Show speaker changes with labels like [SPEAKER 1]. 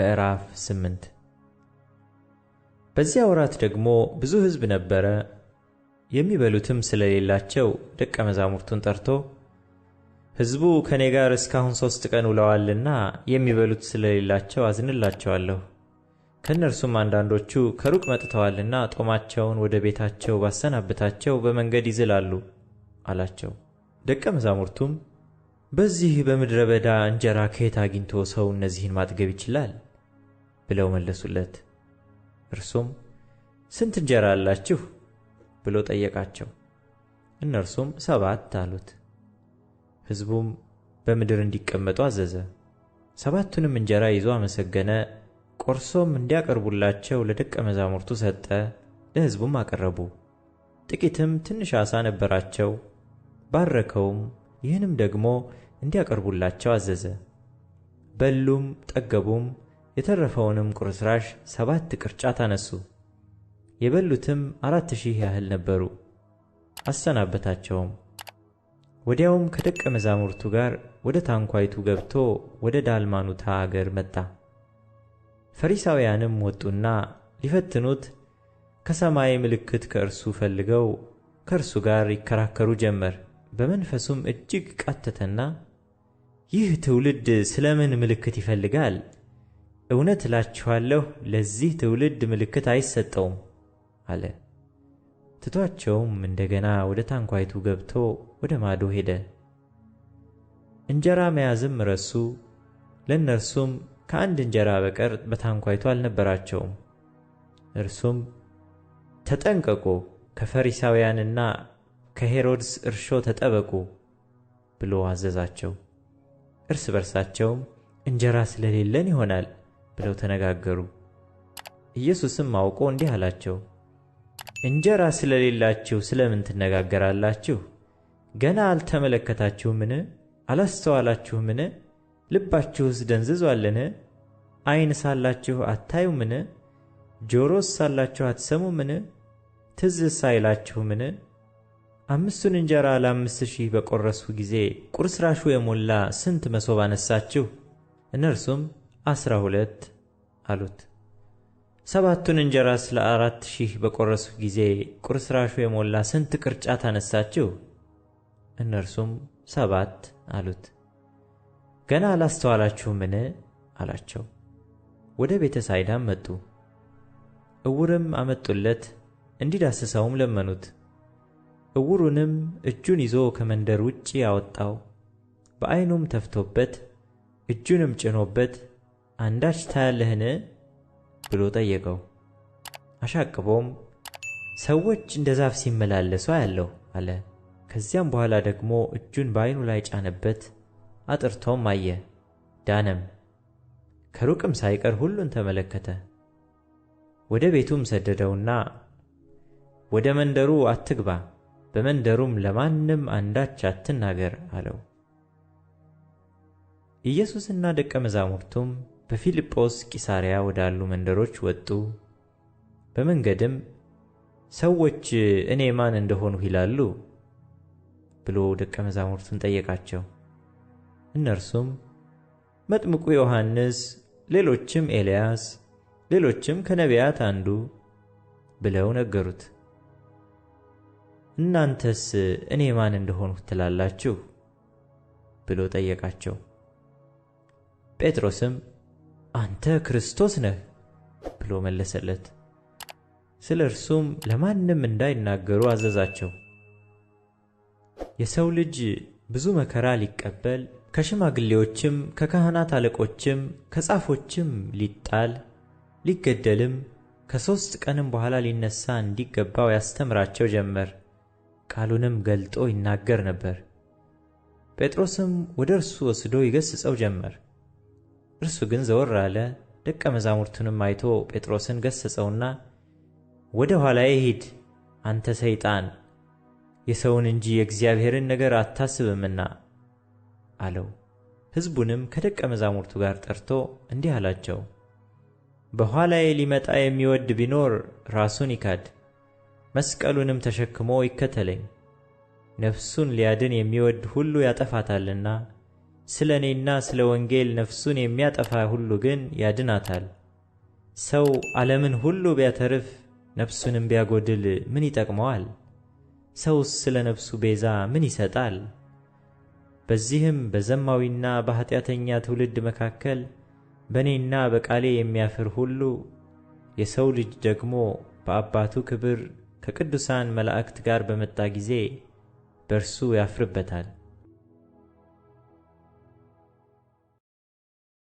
[SPEAKER 1] ምዕራፍ ስምንት በዚያ ወራት ደግሞ ብዙ ሕዝብ ነበረ። የሚበሉትም ስለሌላቸው ደቀ መዛሙርቱን ጠርቶ ሕዝቡ ከእኔ ጋር እስካሁን ሦስት ቀን ውለዋልና የሚበሉት ስለሌላቸው አዝንላቸዋለሁ። ከእነርሱም አንዳንዶቹ ከሩቅ መጥተዋልና ጦማቸውን ወደ ቤታቸው ባሰናብታቸው በመንገድ ይዝላሉ አላቸው። ደቀ መዛሙርቱም በዚህ በምድረ በዳ እንጀራ ከየት አግኝቶ ሰው እነዚህን ማጥገብ ይችላል? ብለው መለሱለት። እርሱም ስንት እንጀራ አላችሁ ብሎ ጠየቃቸው። እነርሱም ሰባት አሉት። ሕዝቡም በምድር እንዲቀመጡ አዘዘ። ሰባቱንም እንጀራ ይዞ አመሰገነ፣ ቆርሶም እንዲያቀርቡላቸው ለደቀ መዛሙርቱ ሰጠ፣ ለሕዝቡም አቀረቡ። ጥቂትም ትንሽ ዓሣ ነበራቸው፣ ባረከውም፣ ይህንም ደግሞ እንዲያቀርቡላቸው አዘዘ። በሉም ጠገቡም። የተረፈውንም ቁርስራሽ ሰባት ቅርጫት አነሱ። የበሉትም አራት ሺህ ያህል ነበሩ። አሰናበታቸውም። ወዲያውም ከደቀ መዛሙርቱ ጋር ወደ ታንኳይቱ ገብቶ ወደ ዳልማኑታ አገር መጣ። ፈሪሳውያንም ወጡና ሊፈትኑት ከሰማይ ምልክት ከእርሱ ፈልገው ከእርሱ ጋር ይከራከሩ ጀመር። በመንፈሱም እጅግ ቃተተና ይህ ትውልድ ስለምን ምልክት ይፈልጋል? እውነት እላችኋለሁ ለዚህ ትውልድ ምልክት አይሰጠውም አለ። ትቷቸውም እንደገና ወደ ታንኳይቱ ገብቶ ወደ ማዶ ሄደ። እንጀራ መያዝም ረሱ። ለእነርሱም ከአንድ እንጀራ በቀር በታንኳይቱ አልነበራቸውም። እርሱም ተጠንቀቁ፣ ከፈሪሳውያንና ከሄሮድስ እርሾ ተጠበቁ ብሎ አዘዛቸው። እርስ በርሳቸውም እንጀራ ስለሌለን ይሆናል ብለው ተነጋገሩ። ኢየሱስም አውቆ እንዲህ አላቸው፣ እንጀራ ስለሌላችሁ ስለምን ትነጋገራላችሁ? ገና አልተመለከታችሁምን? አላስተዋላችሁምን? ልባችሁስ ደንዝዟልን? ዓይን ሳላችሁ አታዩምን? ጆሮስ ሳላችሁ አትሰሙምን? ትዝስ አይላችሁምን? አምስቱን እንጀራ ለአምስት ሺህ በቈረስሁ ጊዜ ቁርስራሹ የሞላ ስንት መሶብ አነሳችሁ? እነርሱም አስራ ሁለት አሉት። ሰባቱን እንጀራስ ለአራት ሺህ በቆረስሁ ጊዜ ቁርስራሹ የሞላ ስንት ቅርጫት አነሳችሁ? እነርሱም ሰባት አሉት። ገና አላስተዋላችሁምን? አላቸው። ወደ ቤተ ሳይዳም መጡ። እውርም አመጡለት፣ እንዲዳስሰውም ለመኑት። እውሩንም እጁን ይዞ ከመንደር ውጭ አወጣው። በዐይኑም ተፍቶበት እጁንም ጭኖበት አንዳች ታያለህን ብሎ ጠየቀው። አሻቅቦም ሰዎች እንደ ዛፍ ሲመላለሱ አያለሁ አለ። ከዚያም በኋላ ደግሞ እጁን በዓይኑ ላይ ጫነበት፣ አጥርቶም አየ፣ ዳነም። ከሩቅም ሳይቀር ሁሉን ተመለከተ። ወደ ቤቱም ሰደደውና ወደ መንደሩ አትግባ፣ በመንደሩም ለማንም አንዳች አትናገር አለው። ኢየሱስና ደቀ መዛሙርቱም በፊልጶስ ቂሳርያ ወዳሉ መንደሮች ወጡ። በመንገድም ሰዎች እኔ ማን እንደሆንሁ ይላሉ ብሎ ደቀ መዛሙርቱን ጠየቃቸው። እነርሱም መጥምቁ ዮሐንስ፣ ሌሎችም ኤልያስ፣ ሌሎችም ከነቢያት አንዱ ብለው ነገሩት። እናንተስ እኔ ማን እንደሆንሁ ትላላችሁ ብሎ ጠየቃቸው። ጴጥሮስም አንተ ክርስቶስ ነህ ብሎ መለሰለት። ስለ እርሱም ለማንም እንዳይናገሩ አዘዛቸው። የሰው ልጅ ብዙ መከራ ሊቀበል ከሽማግሌዎችም ከካህናት አለቆችም ከጻፎችም ሊጣል ሊገደልም ከሦስት ቀንም በኋላ ሊነሣ እንዲገባው ያስተምራቸው ጀመር። ቃሉንም ገልጦ ይናገር ነበር። ጴጥሮስም ወደ እርሱ ወስዶ ይገሥጸው ጀመር። እርሱ ግን ዘወር አለ፣ ደቀ መዛሙርቱንም አይቶ ጴጥሮስን ገሰጸውና ወደ ኋላዬ ሂድ አንተ ሰይጣን፣ የሰውን እንጂ የእግዚአብሔርን ነገር አታስብምና አለው። ሕዝቡንም ከደቀ መዛሙርቱ ጋር ጠርቶ እንዲህ አላቸው፣ በኋላዬ ሊመጣ የሚወድ ቢኖር ራሱን ይካድ፣ መስቀሉንም ተሸክሞ ይከተለኝ። ነፍሱን ሊያድን የሚወድ ሁሉ ያጠፋታልና ስለ እኔና ስለ ወንጌል ነፍሱን የሚያጠፋ ሁሉ ግን ያድናታል። ሰው ዓለምን ሁሉ ቢያተርፍ ነፍሱንም ቢያጎድል ምን ይጠቅመዋል? ሰውስ ስለ ነፍሱ ቤዛ ምን ይሰጣል? በዚህም በዘማዊና በኃጢአተኛ ትውልድ መካከል በእኔና በቃሌ የሚያፍር ሁሉ የሰው ልጅ ደግሞ በአባቱ ክብር ከቅዱሳን መላእክት ጋር በመጣ ጊዜ በእርሱ ያፍርበታል።